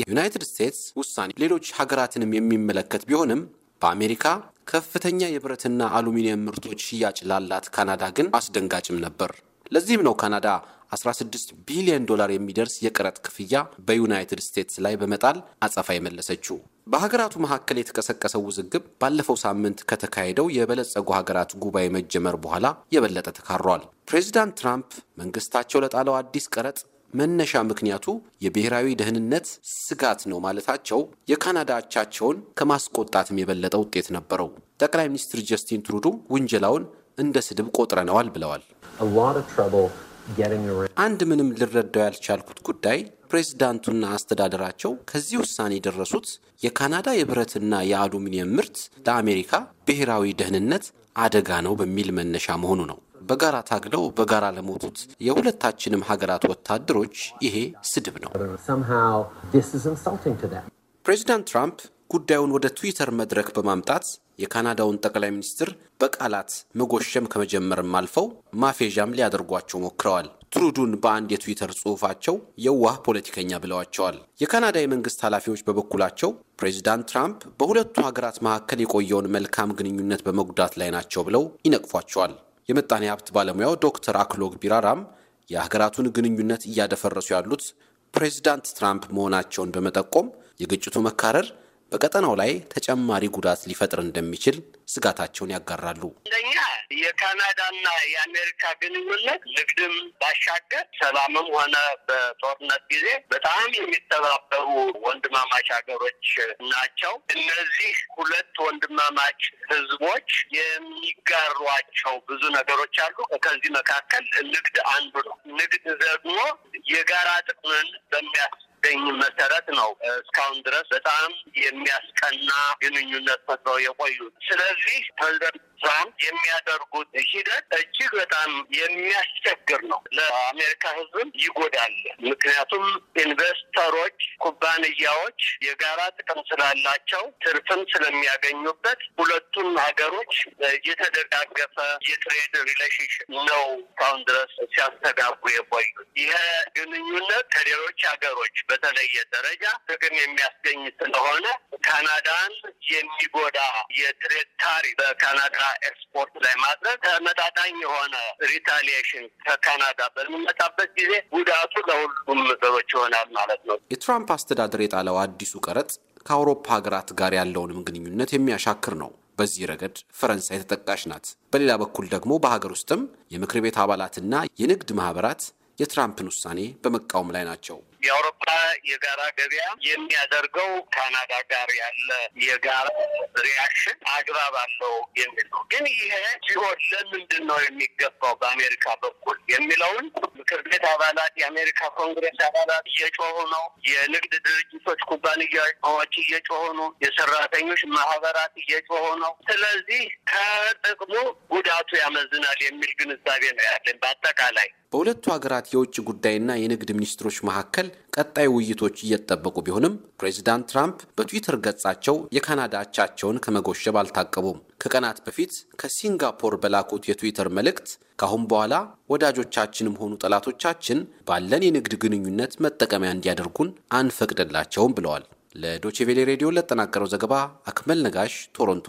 የዩናይትድ ስቴትስ ውሳኔ ሌሎች ሀገራትንም የሚመለከት ቢሆንም በአሜሪካ ከፍተኛ የብረትና አሉሚኒየም ምርቶች ሽያጭ ላላት ካናዳ ግን አስደንጋጭም ነበር። ለዚህም ነው ካናዳ 16 ቢሊዮን ዶላር የሚደርስ የቀረጥ ክፍያ በዩናይትድ ስቴትስ ላይ በመጣል አጸፋ የመለሰችው። በሀገራቱ መካከል የተቀሰቀሰው ውዝግብ ባለፈው ሳምንት ከተካሄደው የበለጸጉ ሀገራት ጉባኤ መጀመር በኋላ የበለጠ ተካሯል። ፕሬዚዳንት ትራምፕ መንግስታቸው ለጣለው አዲስ ቀረጥ መነሻ ምክንያቱ የብሔራዊ ደህንነት ስጋት ነው ማለታቸው የካናዳ አቻቸውን ከማስቆጣትም የበለጠ ውጤት ነበረው። ጠቅላይ ሚኒስትር ጀስቲን ትሩዱ ውንጀላውን እንደ ስድብ ቆጥረነዋል ብለዋል። አንድ ምንም ልረዳው ያልቻልኩት ጉዳይ ፕሬዚዳንቱና አስተዳደራቸው ከዚህ ውሳኔ የደረሱት የካናዳ የብረትና የአሉሚኒየም ምርት ለአሜሪካ ብሔራዊ ደህንነት አደጋ ነው በሚል መነሻ መሆኑ ነው። በጋራ ታግለው በጋራ ለሞቱት የሁለታችንም ሀገራት ወታደሮች ይሄ ስድብ ነው። ፕሬዚዳንት ትራምፕ ጉዳዩን ወደ ትዊተር መድረክ በማምጣት የካናዳውን ጠቅላይ ሚኒስትር በቃላት መጎሸም ከመጀመርም አልፈው ማፌዣም ሊያደርጓቸው ሞክረዋል። ትሩዱን በአንድ የትዊተር ጽሑፋቸው የዋህ ፖለቲከኛ ብለዋቸዋል። የካናዳ የመንግስት ኃላፊዎች በበኩላቸው ፕሬዚዳንት ትራምፕ በሁለቱ ሀገራት መካከል የቆየውን መልካም ግንኙነት በመጉዳት ላይ ናቸው ብለው ይነቅፏቸዋል። የምጣኔ ሀብት ባለሙያው ዶክተር አክሎግ ቢራራም የሀገራቱን ግንኙነት እያደፈረሱ ያሉት ፕሬዚዳንት ትራምፕ መሆናቸውን በመጠቆም የግጭቱ መካረር በቀጠናው ላይ ተጨማሪ ጉዳት ሊፈጥር እንደሚችል ስጋታቸውን ያጋራሉ። አንደኛ የካናዳና የአሜሪካ ግንኙነት ንግድም ባሻገር ሰላምም ሆነ በጦርነት ጊዜ በጣም የሚተባበሩ ወንድማማች ሀገሮች ናቸው። እነዚህ ሁለት ወንድማማች ህዝቦች የሚጋሯቸው ብዙ ነገሮች አሉ። ከዚህ መካከል ንግድ አንዱ ነው። ንግድ ደግሞ የጋራ ጥቅምን በሚያስ በሚገኝ መሰረት ነው እስካሁን ድረስ በጣም የሚያስቀና ግንኙነት ፈጥረው የቆዩት። ስለዚህ ፕሬዚደንት እዛም የሚያደርጉት ሂደት እጅግ በጣም የሚያስቸግር ነው። ለአሜሪካ ህዝብም ይጎዳል። ምክንያቱም ኢንቨስተሮች፣ ኩባንያዎች የጋራ ጥቅም ስላላቸው ትርፍም ስለሚያገኙበት ሁለቱም ሀገሮች የተደጋገፈ የትሬድ ሪሌሽንሽፕ ነው እስካሁን ድረስ ሲያስተጋቡ የቆዩ። ይህ ግንኙነት ከሌሎች ሀገሮች በተለየ ደረጃ ጥቅም የሚያስገኝ ስለሆነ ካናዳን የሚጎዳ የትሬድ በካናዳ ኤክስፖርት ላይ ማድረግ ተመጣጣኝ የሆነ ሪታሊሽን ከካናዳ በሚመጣበት ጊዜ ጉዳቱ ለሁሉም ነገሮች ይሆናል ማለት ነው። የትራምፕ አስተዳደር የጣለው አዲሱ ቀረጥ ከአውሮፓ ሀገራት ጋር ያለውንም ግንኙነት የሚያሻክር ነው። በዚህ ረገድ ፈረንሳይ ተጠቃሽ ናት። በሌላ በኩል ደግሞ በሀገር ውስጥም የምክር ቤት አባላትና የንግድ ማህበራት የትራምፕን ውሳኔ በመቃወም ላይ ናቸው። የአውሮፓ የጋራ ገበያ የሚያደርገው ካናዳ ጋር ያለ የጋራ ሪያክሽን አግባብ አለው የሚል ነው። ግን ይሄ ሲሆን ለምንድን ነው የሚገባው በአሜሪካ በኩል የሚለውን ምክር ቤት አባላት የአሜሪካ ኮንግሬስ አባላት እየጮሁ ነው። የንግድ ድርጅቶች ኩባንያዎች እየጮሁ ነው። የሰራተኞች ማህበራት እየጮሁ ነው። ስለዚህ ከጥቅሙ ጉዳቱ ያመዝናል የሚል ግንዛቤ ነው ያለን በአጠቃላይ በሁለቱ ሀገራት የውጭ ጉዳይና የንግድ ሚኒስትሮች መካከል ቀጣይ ውይይቶች እየተጠበቁ ቢሆንም ፕሬዚዳንት ትራምፕ በትዊተር ገጻቸው የካናዳ አቻቸውን ከመጎሸብ አልታቀቡም። ከቀናት በፊት ከሲንጋፖር በላኩት የትዊተር መልእክት ከአሁን በኋላ ወዳጆቻችንም ሆኑ ጠላቶቻችን ባለን የንግድ ግንኙነት መጠቀሚያ እንዲያደርጉን አንፈቅድላቸውም ብለዋል። ለዶቼቬሌ ሬዲዮ ለተጠናቀረው ዘገባ አክመል ነጋሽ ቶሮንቶ